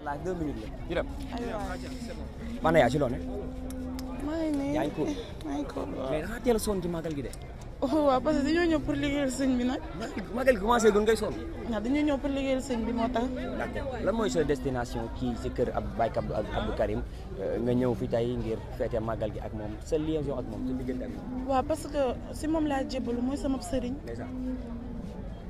allah deux minutes la ñu dem. aywa yaa ci màggal gi de. Oh, waaw parce que dañoo ñëw pour liggéeyal sëñ bi nag. màggal gi commencé gun ngay sonn. waaw ñëw pour liggéeyal sëñ bi moo tax. lan mooy sa destination kii si kër ab Baye Abdou Karim euh, nga ñëw fi tey ngir feete màggal gi ak moom sa liaison ak moom sa diggante waaw parce que si moom laa jébbalu mooy sama sëriñ.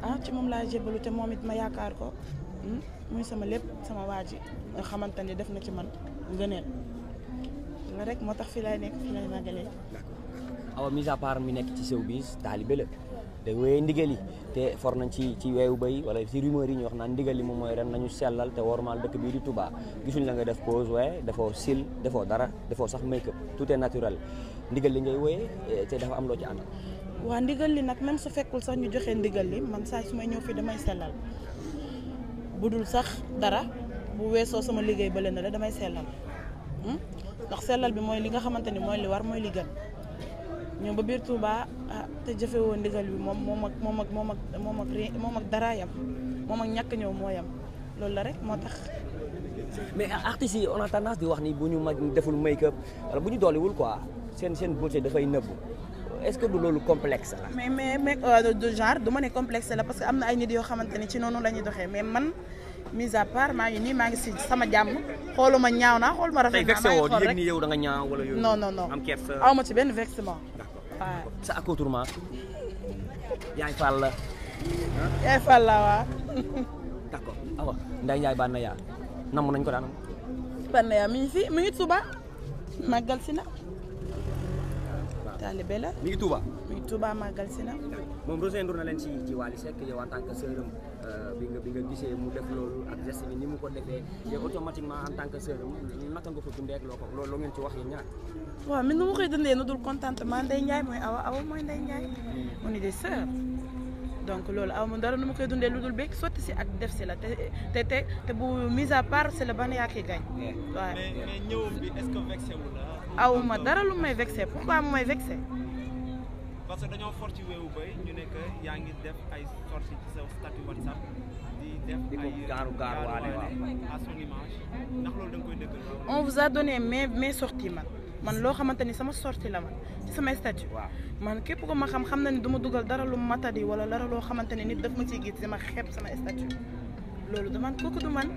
ah ci moom laa jébbalu te moom it ma yaakaar ko. Hmm? muy sama lépp sama waa ji nga xamante ni def na ci man ngëneel la rek moo tax fi lay nekk fi lay màggalee. d'accord awa mise mi nekk ci showbiz taalibe la day wéyee ndigal yi te for nañ ci ci weewu bay wala ci yi ñu wax naan ndigal yi moom mooy ren nañu sellal te wormaal dëkk bii di Touba gisuñ la nga def pause waaye dafoo sil dafoo dara dafoo sax make up tout ndigal li ngay wéyee te dafa am loo ci àndal. waa ndigal li nag même su fekkul sax ñu joxee ndigal li man saa su may ñëw fii damay sellal. bu dul sax dara bu weesoo sama liggéey bële na la damay sellal hmm? ndax sellal bi mooy li nga xamante ni mooy li war mooy li gën ñoom ba biir Touba ah te jëfe woo ndigal bi moom moom ak moom ak moom ak moom ak moom ak dara yam moom ak ñàkk ñëw moo yam loolu la rek moo tax. mais artistes yi on a tendance di wax ni bu ñu mag deful make up wala bu ñu dolliwul quoi seen seen beauté dafay nëbbu. est-ce que du loolu complexe la. mais mais mais euh, de genre du ma ne complexe la parce que am na ay nit yoo xamante ci noonu la ñuy doxee man mise à part maa ngi nii maa ngi si sama jàmm xooluma ñaaw naa xooluma rafet naa maa ngi xool rek yow da nga ñaaw wala yooyu. non non non am kersa aw ma ci benn vexement. d'accord sa accoutrement yaay Fall la. yaay Fall la waaw. d'accord awa Ndeye Ndiaye Banaya namm nañ ko daanam. Banaya mi ngi fi mi ngi Touba màggal si na. taalibe la. mi ngi Touba. mi ngi Touba màggal si na. moom rejoindre na leen ci euh, nga bi nga gisee mu loolu ak ko defee ci wax yéen ñaar. waaw man nu ma koy dundee nu dul contentement Ndeye Ndiaye mooy awa awa mooy Ndeye Ndiaye. Hmm. on est donc loolu aw dara lu ma koy dundee lu dul bëgg sotti si ak def si la te te te te bu mise à part c'est le Banaya qui gagne. waaw mais mais ñëwam bi est wu aw ma dara lu may vexé pourquoi mu may vexé. que dañoo fort ci wéewu ñu ne yaa ngi def ay sorties ci sa statut WhatsApp di def ay gaaru man loo xamante ni sama sorti la man ci samay statut man képp ko ma xam xam na ni du dugal dara lu matadi wala dara loo xamante ni nit daf ma ciy gis dama xeeb sama statut loolu daman kooku du man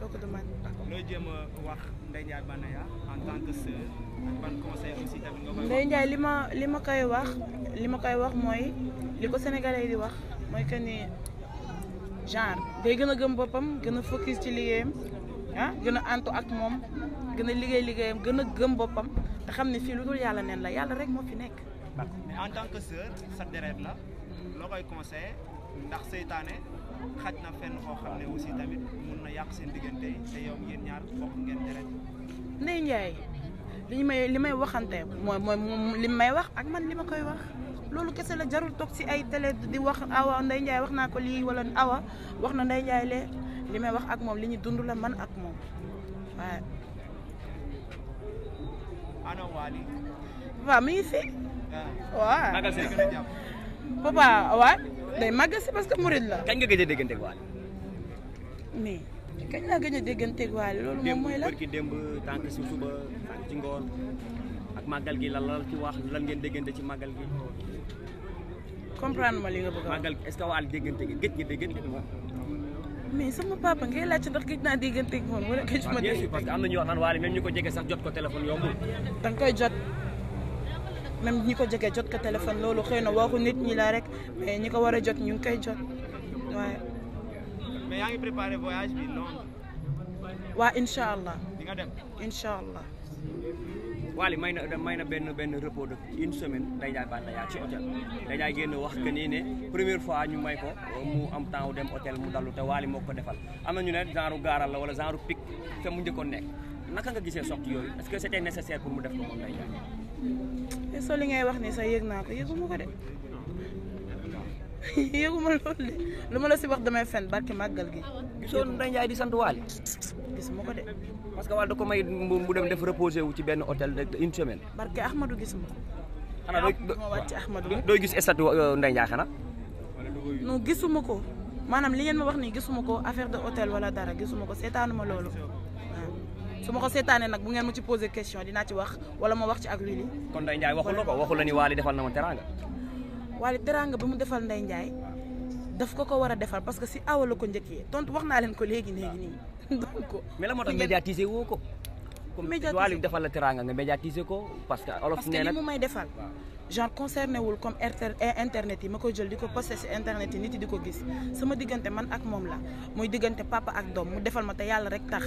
kooku du man looy jéem Ndiaye li ma li ma koy wax li ma koy wax mooy li ko sénégalais di wax mooy que ni genre day gën a gëm boppam gën a focus ci liggéeyam ah gën a antu ak moom gën a liggéey liggéeyam gën a gëm boppam te xam ne fii lu dul yàlla neen la yàlla rek moo fi nekk. mais en tant que sa deret la loo koy conseillé ndax seytaane xaj na fenn koo xam ne aussi tamit mun na yàq seen diggante yi te yow ngeen ñaar bokk ngeen deret. Ndeye Ndiaye li may li may waxante mooy mooy li may wax ak man li ma koy wax. loolu kese la jarul toog ci ay télé di wax awa Ndeye Ndiaye wax naa ko lii wala awa wax na Ndeye Ndiaye li may wax ak moom li ñu dund la man ak moom waaye. ana Wally. papa mi ngi fi. Ah. day magal si parce que murid la. kañ nga gëj a dégganteeg Wally. mais kañ laa gëj a dégganteeg Wally loolu moom mooy la démb si suba tànk ci ngoon ak màggal gi lal la ci wax lan ngeen déggante ci màggal gi. comprendre ma li nga bëgg a gi màggal est-ce que Wally déggante gi gëj nga déggante gi. mais sama papa ngay laajte ndax gis naa dégganteeg moom wala gis ma. bien sûr parce que am wax naan waaye même ñi ko jege sax jot ko téléphone yombul. danga koy jot même ñi ko jege jot ko téléphone loolu xëy na waxu nit ñi la rek ñi ko war a jot ñu ngi koy jot waaye. mais yaa ngi préparé voyage bi Londres. waa incha allah. di incha allah. Wally may na may na benn benn repos de une semaine day jaay Banaya ci hôtel day jaay génn wax que nii ne première fois ñu may ko mu am temps wu dem hôtel mu dalu te Wally moo ko defal am na ñu ne genre gaaral la wala genre pic te mu njëkkoon nekk naka nga gisee sortie yooyu est-ce que c'était nécessaire pour mu def ko moom day jaay. te soo li ngay wax ni sax yëg naa ko yëgu ma ko de. yëguma loolu de lu ma la si wax damay fen barke màggal gi. gisoon Ndeye Ndiaye di sant Waly. gisuma ko de. parce que Waly da ko may mu dem def reposé wu ci benn hôtel de une semaine. barke Ahmadou gisuma ko. xanaa doo doo gis statut euh, Ndeye Ndiaye xanaa. non gisuma ko maanaam li ngeen ma wax nii gisuma ko affaire de hôtel wala dara gisuma ko seetaanuma loolu. su ma ko seetaanee nag bu ngeen ma ci posé question dinaa ci wax wala ma wax ci ak lii. kon Ndeye Ndiaye waxul la la ni Waly defal na ma wala teraanga bi mu defal Ndeye Ndiaye daf ko ko war a defal parce que si awa la ko njëkkee tontu wax naa leen ko léegi léegi nii. donc mais la moo tax médiatiser woo ko. médiatiser comme Waly defal la teraanga nga médiatiser ko parce que. olof nee na parce li mu may defal. genre concerné wul comme eh, internet yi ma ko jël di ko posté si internet yi nit yi di ko gis sama diggante man ak moom la muy diggante papa ak doom mu defal ma te yàlla rek tax.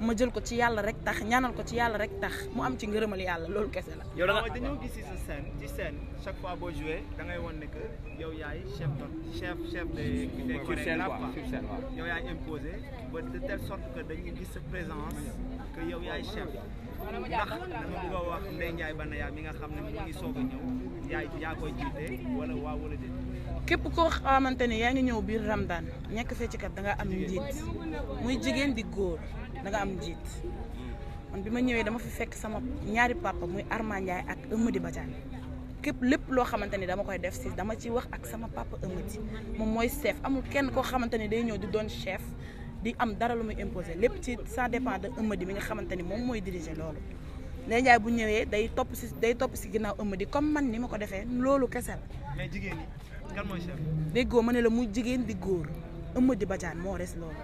ma jël ko ci yàlla rek tax ñaanal ko ci yàlla rek tax mu am ci ngërëmal yàlla loolu kese la. yow dañoo gis sa scène ci scène chaque fois boo joué da ngay wan ne que yow yaay chef de chef chef de. sur scène sa présence que yow yaay chef ndax dama bëgg a wax Ndeye Ndiaye Banaya mi nga xam ne mu ngi soog a ñëw yaay yaa koy jiite wala waa wala déet. képp koo xamante ne yaa ngi ñëw biir Ramadan ñekk feccikat da nga am njiit muy jigéen di góor. da nga am jiit man bi ma ñëwee dama fi fekk sama ñaari papa muy Arma ak ak di Badiane képp lépp loo xamante ni dama koy def si dama ci wax ak sama papa Eumeudi moom mooy chef amul kenn koo xamante ni day ñëw di doon chef di am dara lu muy imposé lépp ci ça dépend de Eumeudi mi nga xamante ni moom mooy diriger loolu. Ndeye Ndiaye bu ñëwee day topp si day topp si ginnaaw di comme man ni ma ko defee loolu kese la. mais jigéen ñi kan ma ne la muy jigéen di góor Eumeudi Badiane moo res loolu.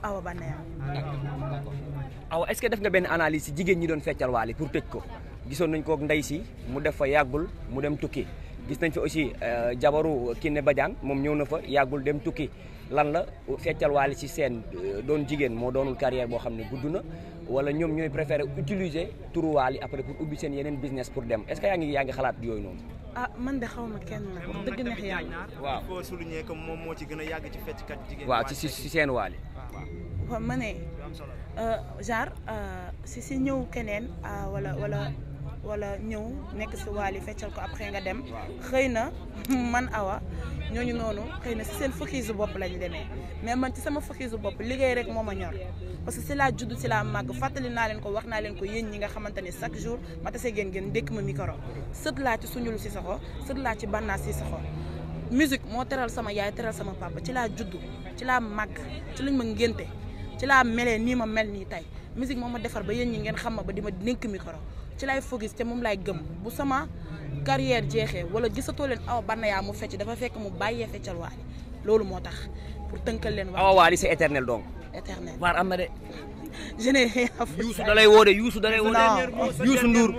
awa Banaya. d'accord awa ce que def nga benn analyse si jigéen ñi doon feccal waali pour tëj ko gisoon nañ kook ak ndey si mu def fa yàggul mu dem tukki gis nañ fi aussi euh, jabaru Kiné Badiane moom ñëw na fa yàggul dem tukki lan la feccal waali si seen euh, doon jigéen moo doonul carrière boo xam ne gudd na wala ñoom ñooy préférer utiliser turu waali après pour ubbi seen yeneen business pour dem est-ce yaa ngi yaa ngi xalaat yooyu noonu. ah man de xaw ma kenn nag wax dëgg neex yàlla. waaw il faut moom moo ci gën a yàgg ci fecckat jigéen. waaw ci si seen waale. waaw ma ne euh, genre euh, si si ñëw keneen euh, wala wala. wala ñëw nekk si waal yi feccal ko après nga dem xëy na man awa ñooñu noonu xëy na si seen focus bopp lañu demee mais man ci sama focus bopp liggéey rek moo ma ñor parce que si laa judd si laa màgg fàttali naa leen ko wax naa leen ko yéen ñi nga xamante ne chaque jour ma tase ngeen ngeen dékk ma micro sët laa ci suñul si soxo sët laa ci bannaa si saxo musique moo teral sama yaay teral sama papa ci laa judd ci laa màgg ci lañ ma ngénte ci laa melee nii ma mel nii tey musique moo ma defar ba yéen ñi ngeen xam ma ba di ma dénk micro ci lay focus te moom lay gëm bu sama carrière jeexee wala gisatoo leen aw Banaya mu fecc dafa fekk mu bàyyee feccal Wally loolu moo tax pour tënkal leen. waaw Wally c'est éternel donc. éternel waar am na de. je n'ai rien à foutre. Youssou woo de Youssou da woo de. Youssou Ndour.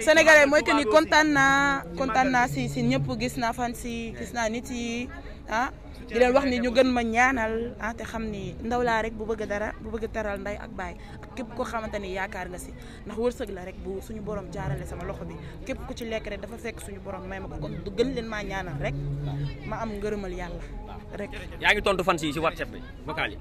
Sénégalais mooy que ni kontaan naa kontaan naa si si ñëpp gis naa fan si gis naa nit yi. ah di leen wax ni ñu gën ma ñaanal ah te xam ni ndaw laa rek bu bëgg dara bu bëgg taral ndey ak baay képp koo xamante ni yaakaar nga si ndax wërsëg la rek bu suñu borom jaarale sama loxo bi képp ku ci lekk rek dafa fekk suñu borom may ma ko kon du gën leen maa ñaanal rek ma am ngërëmal yàlla rek. yaa ngi tontu fan si si WhatsApp bi vocal